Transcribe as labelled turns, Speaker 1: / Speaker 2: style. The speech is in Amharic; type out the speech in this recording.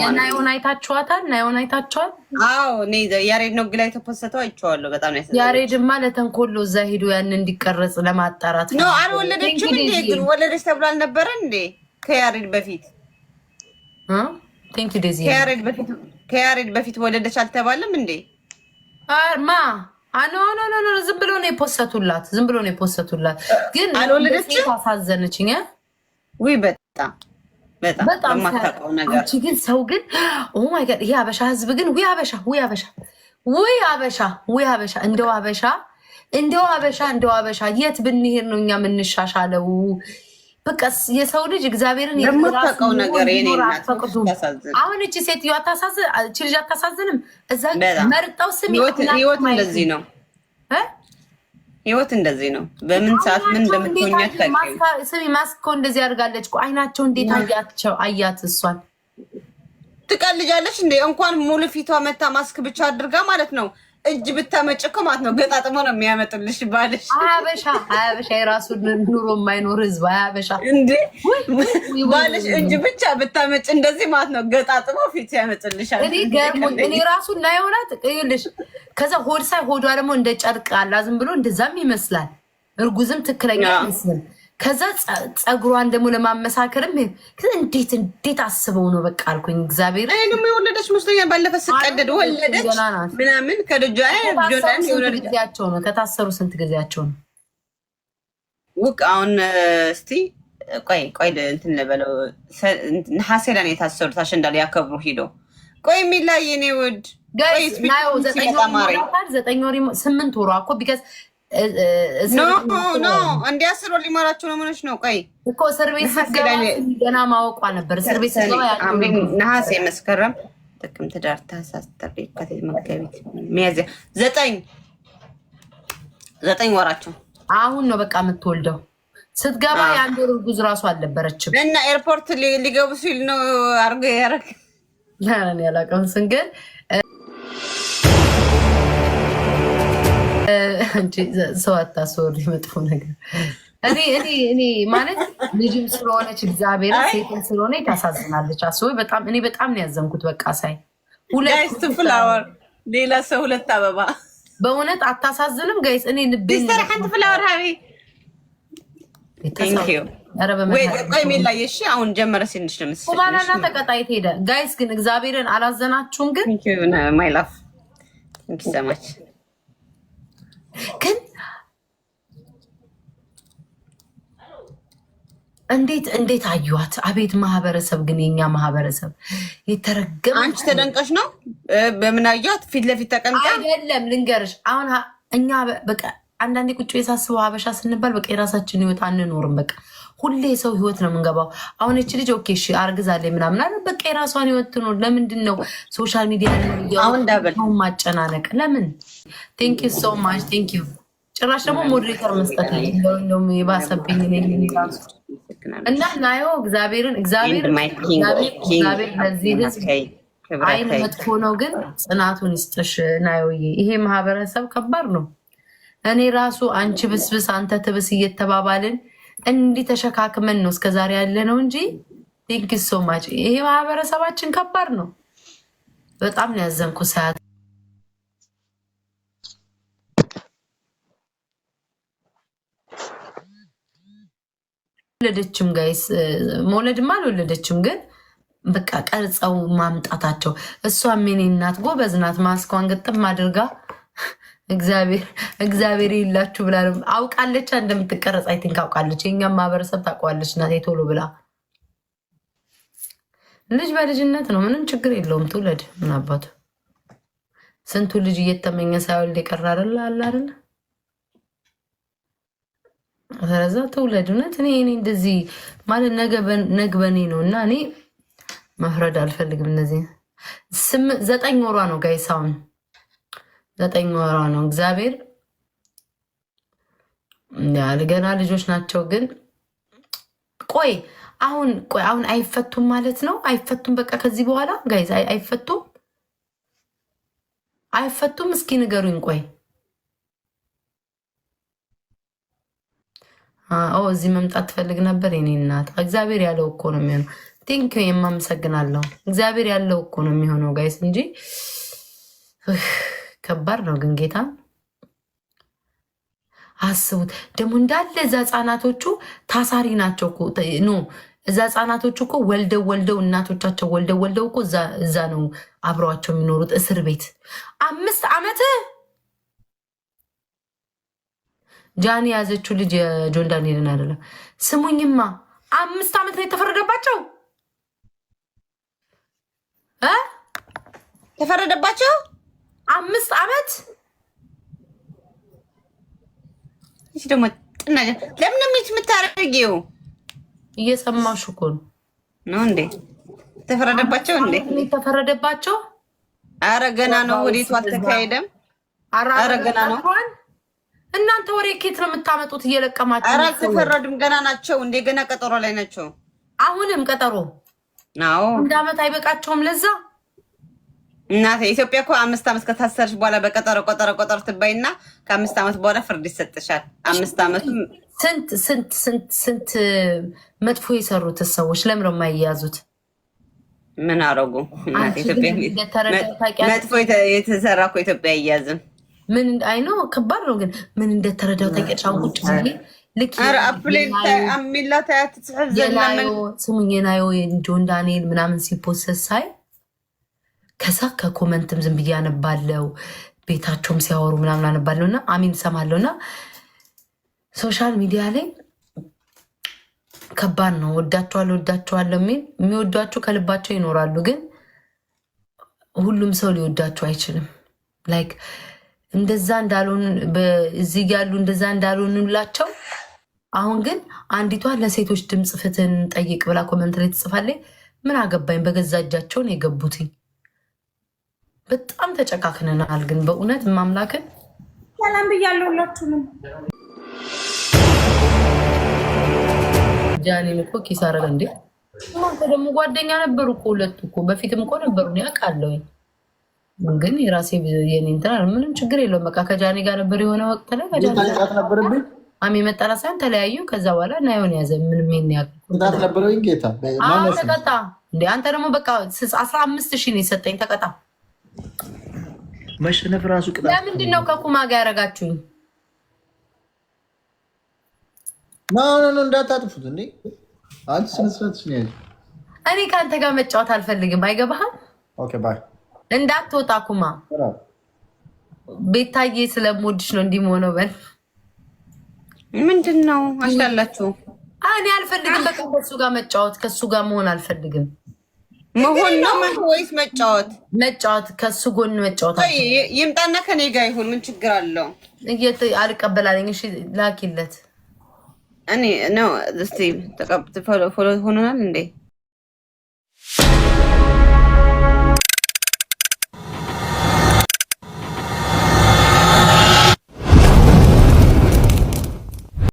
Speaker 1: የናዮን አይታችኋታል? ናዮን አይታችኋል?
Speaker 2: አዎ እኔ ያሬድ ነው ግላ የተፖሰተው አይቼዋለሁ። በጣም ነው
Speaker 1: ያሬድማ ለተንኮሎ እዛ ሄዶ ያን እንዲቀረጽ ለማጣራት
Speaker 2: ነው። አልወለደችም እንዴ? ግን ወለደች ተብሎ አልነበረ እንዴ? ከያሬድ በፊት ቴንክ ዴዚ ከያሬድ በፊት ወለደች አልተባለም እንዴ?
Speaker 1: ማ ኖ ኖ ኖ ዝም ብሎ ነው የፖሰቱላት። ዝም ብሎ ነው የፖሰቱላት።
Speaker 2: ግን አልወለደችም።
Speaker 1: አሳዘነችኝ።
Speaker 2: ውይ በጣም በጣም የማታውቀው ነገር
Speaker 1: ግን ሰው ግን ማይ ጋድ ይሄ አበሻ ህዝብ ግን ውይ አበሻ ውይ አበሻ ውይ አበሻ ውይ አበሻ እንደው አበሻ እንደው አበሻ እንደው አበሻ የት ብንሄድ ነው እኛ የምንሻሻለው? በቃ የሰው ልጅ እግዚአብሔርን
Speaker 2: የምታውቀው ነገር
Speaker 1: አሁን እቺ ሴትዮ እቺ ልጅ አታሳዝንም? እዛ መርጠው ስም
Speaker 2: ህይወት እንደዚህ ነው። ህይወት እንደዚህ ነው። በምን ሰዓት ምን እንደምትሆኛ
Speaker 1: ስሚ፣ ማስኮ እንደዚህ አድርጋለች አይናቸው እንዴት አያቸው አያት እሷን
Speaker 2: ትቀልጃለች እንዴ? እንኳን ሙሉ ፊቷ መታ ማስክ ብቻ አድርጋ ማለት ነው። እጅ ብታመጭ እኮ ማለት ነው ገጣጥሞ ነው የሚያመጥልሽ ባልሽ።
Speaker 1: አያበሻ አያበሻ የራሱን ኑሮ የማይኖር ህዝብ አያበሻ
Speaker 2: እንዴ ባልሽ እጅ ብቻ ብታመጭ እንደዚህ ማለት ነው ገጣጥሞ ፊት ያመጥልሻል።
Speaker 1: እኔ ገርሞኝ እኔ ራሱን ላይሆናት ይልሽ ከዛ ሆድ ሳይ ሆዷ ደግሞ እንደ ጨርቅ አላዝም ብሎ እንደዛም ይመስላል። እርጉዝም ትክክለኛ ይመስላል። ከዛ ፀጉሯን ደግሞ ለማመሳከርም እንዴት እንዴት አስበው ነው በቃ አልኩኝ። እግዚአብሔር
Speaker 2: ደግሞ የወለደች መስሎኛል። ባለፈ ስቀደድ ወለደች ምናምን
Speaker 1: ከልጆዳቸው ነው። ከታሰሩ ስንት ጊዜያቸው ነው?
Speaker 2: ውቅ አሁን እስቲ ቆይ ቆይ እንትን ልበለው። ነሐሴ ላይ ነው የታሰሩት። አሸንዳ ሊያከብሩ ሂዶ ቆይ የሚላይ የኔ ውድ
Speaker 1: ስምንት ወሯ እኮ ቢከስ
Speaker 2: እንዲ አስር ወር ሊመራቸው ነው። ምንሽ ነው? ቆይ
Speaker 1: እኮ እስር ቤት ገና ማወቋ ነበር። እስር ቤት
Speaker 2: ነሐሴ፣ መስከረም፣ ጥቅምት፣ ህዳር፣ ታህሳስ፣ ጥር፣ የካቲት፣ መጋቢት፣ ሚያዝያ ዘጠኝ ዘጠኝ ወራቸው
Speaker 1: አሁን ነው በቃ የምትወልደው። ስትገባ የአንድ ወር እርጉዝ ራሱ አልነበረችም።
Speaker 2: እና ኤርፖርት ሊገቡ ሲል ነው አርጎ ያረግ
Speaker 1: ያላቀምስን ግን ሰው አታስወሪ መጥፎ ነገር። እኔ እኔ እኔ ማለት ልጅም ስለሆነች እግዚአብሔር ሴትም ስለሆነ ታሳዝናለች። አስቦ በጣም እኔ በጣም ነው ያዘንኩት። በቃ ሳይ
Speaker 2: ሁለት ፍላወር ሌላ ሰው ሁለት አበባ
Speaker 1: በእውነት አታሳዝንም ጋይስ? እኔ
Speaker 2: ሓንቲ ፍላወር ሃቢ ቆይሜላየሺ አሁን ጀመረ ሲንሽ
Speaker 1: ተቀጣይ ትሄደ ጋይስ ግን እግዚአብሔርን አላዘናችሁም
Speaker 2: ግን ማይላፍ ሰማች
Speaker 1: እንዴት እንዴት አዩዋት? አቤት ማህበረሰብ ግን የኛ ማህበረሰብ የተረገመ።
Speaker 2: አንቺ ተደንቀሽ ነው? በምን አዩዋት? ፊት ለፊት ተቀምጠ
Speaker 1: አይደለም። ልንገርሽ አሁን እኛ በቃ አንዳንዴ ቁጭ የሳስበው ሀበሻ ስንባል በቃ የራሳችን ህይወት አንኖርም። በቃ ሁሌ ሰው ህይወት ነው የምንገባው። አሁን እች ልጅ ኦኬ እሺ አርግዛለች ምናምን አለ በቃ የራሷን ህይወት ትኖር። ለምንድን ነው ሶሻል ሚዲያ ሁን ማጨናነቅ? ለምን? ቴንክ ዩ ሶ ማች ቴንክ ዩ። ጭራሽ ደግሞ ሞዴሬተር መስጠት ላይ የባሰብኝ ራሱ አመሰግናለሁ። እና ናዮ እግዚአብሔርን እግዚአብሔር ህዝብ አይን መጥፎ ነው፣ ግን ጽናቱን ይስጥሽ ናዮዬ። ይሄ ማህበረሰብ ከባድ ነው። እኔ ራሱ አንቺ ብስብስ አንተ ትብስ እየተባባልን እንዲህ ተሸካክመን ነው እስከዛሬ ያለ ነው እንጂ ሶ ማች። ይሄ ማህበረሰባችን ከባድ ነው። በጣም ነው ያዘንኩ ሰዓት ወለደችም ጋይስ መውለድማ አልወለደችም፣ ግን በቃ ቀርጸው ማምጣታቸው። እሷ የኔ እናት ጎበዝ ናት። ማስኳን ግጥም አድርጋ እግዚአብሔር ይላችሁ ብላ አውቃለች፣ እንደምትቀረጽ አይቲንክ አውቃለች። የኛም ማህበረሰብ ታውቀዋለች። እናቴ ቶሎ ብላ ልጅ በልጅነት ነው፣ ምንም ችግር የለውም። ትውለድ ምናባቱ ስንቱ ልጅ እየተመኘ ሳይወልድ የቀረ አይደል? አለ አይደል? ከዛ ትውለድ። እውነት እኔ እኔ እንደዚህ ማለት ነግበኔ ነው እና እኔ መፍረድ አልፈልግም። እነዚህ ዘጠኝ ወሯ ነው ጋይሳውን ዘጠኝ ወሯ ነው እግዚአብሔር ገና ልጆች ናቸው። ግን ቆይ አሁን ቆይ አሁን አይፈቱም ማለት ነው? አይፈቱም በቃ ከዚህ በኋላ ጋይዝ አይፈቱም አይፈቱም። እስኪ ንገሩኝ ቆይ እዚህ መምጣት ትፈልግ ነበር። የኔ እናት እግዚአብሔር ያለው እኮ ነው የሚሆነው። ቲንክ የማመሰግናለሁ። እግዚአብሔር ያለው እኮ ነው የሚሆነው ጋይስ፣ እንጂ ከባድ ነው ግን ጌታ አስቡት። ደግሞ እንዳለ እዛ ህጻናቶቹ ታሳሪ ናቸው ኖ እዛ ህጻናቶቹ እኮ ወልደው ወልደው እናቶቻቸው ወልደው ወልደው እኮ እዛ ነው አብረዋቸው የሚኖሩት እስር ቤት አምስት አመት ጃኒ የያዘችው ልጅ የጆን ዳንኤልን አይደለም። ስሙኝማ አምስት ዓመት ነው የተፈረደባቸው
Speaker 2: የተፈረደባቸው
Speaker 1: አምስት ዓመት እሺ ደግሞ ጥና ለምን ምንጭ የምታደርጊው እየሰማሽ እኮ ነው
Speaker 2: ነው እንዴ የተፈረደባቸው እንዴ
Speaker 1: የተፈረደባቸው?
Speaker 2: አረ ገና ነው ወዴቱ አልተካሄደም
Speaker 1: አረ ገና ነው እናንተ ወሬ ኬት ነው የምታመጡት? እየለቀማችሁ
Speaker 2: ኧረ ገና ናቸው እንዴ? ገና ቀጠሮ ላይ ናቸው።
Speaker 1: አሁንም ቀጠሮ ናው። አንድ አመት አይበቃቸውም ለዛ?
Speaker 2: እናቴ ኢትዮጵያ እኮ አምስት አመት ከታሰርሽ በኋላ በቀጠሮ ቆጠሮ ቆጠሮ ትባይና ከአምስት አመት በኋላ ፍርድ ይሰጥሻል። አምስት አመቱ
Speaker 1: ስንት ስንት ስንት ስንት መጥፎ የሰሩት ሰዎች ለምን ነው የማይያዙት?
Speaker 2: ምን አረጉ? ኢትዮጵያ መጥፎ የተሰራ እኮ ኢትዮጵያ አይያዝም።
Speaker 1: ምን ነው ከባድ ነው ግን ምን እንደተረዳው ተቀጫ ቁጭ ጊዜ ስሙኝ ጆን ዳንኤል ምናምን ሲፖሰት ሳይ ከዛ ከኮመንትም ዝም ብዬ አነባለው ቤታቸውም ሲያወሩ ምናምን አነባለው እና አሚን ሰማለው እና ሶሻል ሚዲያ ላይ ከባድ ነው። ወዳቸዋለሁ ወዳቸዋለሁ የሚል የሚወዷቸው ከልባቸው ይኖራሉ፣ ግን ሁሉም ሰው ሊወዳቸው አይችልም ላይክ እንደዛ እንዳልሆን እዚህ ያሉ እንደዛ እንዳልሆንላቸው አሁን ግን አንዲቷ ለሴቶች ድምፅ ፍትህን ጠይቅ ብላ ኮመንት ላይ ትጽፋለች። ምን አገባኝ፣ በገዛ እጃቸውን የገቡትኝ። በጣም ተጨካክነናል። ግን በእውነት ማምላክን ሰላም ብያለሁ ሁላችሁንም። ጃኔን እኮ ኪሳረ እንዴ ደግሞ ጓደኛ ነበሩ እኮ ሁለቱ እኮ በፊትም እኮ ነበሩ ያውቃለሁኝ ግን የራሴ የኔ ምንም ችግር የለውም። በቃ ከጃኒ ጋር ነበር የሆነ ወቅት ላይ
Speaker 2: ከጃኒጣት ነበረብኝ።
Speaker 1: አሚ መጣላ ሳይሆን ተለያዩ። ከዛ በኋላ እና የሆነ ያዘ ምንም ን
Speaker 2: ያቅጣት ነበረብኝ። ጌታ
Speaker 1: ተቀጣ እንደ አንተ ደግሞ በቃ አስራ አምስት ሺህ ነው የሰጠኝ። ተቀጣ
Speaker 2: መሸነፍ ራሱ ቅጣት።
Speaker 1: ለምንድን ነው ከኩማ ጋር ያደረጋችሁኝ?
Speaker 2: ኖ እንዳታጥፉት እንዴ! አንቺ ስነስርዓት
Speaker 1: እኔ ከአንተ ጋር መጫወት አልፈልግም። አይገባህም? ኦኬ ባይ እንዳትወጣ ኩማ ቤታዬ ስለምወድሽ ነው እንዲህ የምሆነው። በል ምንድን ነው አላላችሁ? እኔ አልፈልግም። በቃ ከሱ ጋር መጫወት ከሱ ጋር መሆን አልፈልግም።
Speaker 2: መሆን ነው ወይስ መጫወት?
Speaker 1: መጫወት ከሱ ጎን መጫወት።
Speaker 2: ይምጣና ከኔ ጋር ይሁን፣ ምን ችግር አለው?
Speaker 1: አልቀበላለኝ። እሺ ላኪለት።
Speaker 2: እኔ ነው ስ ሆኖናል እንዴ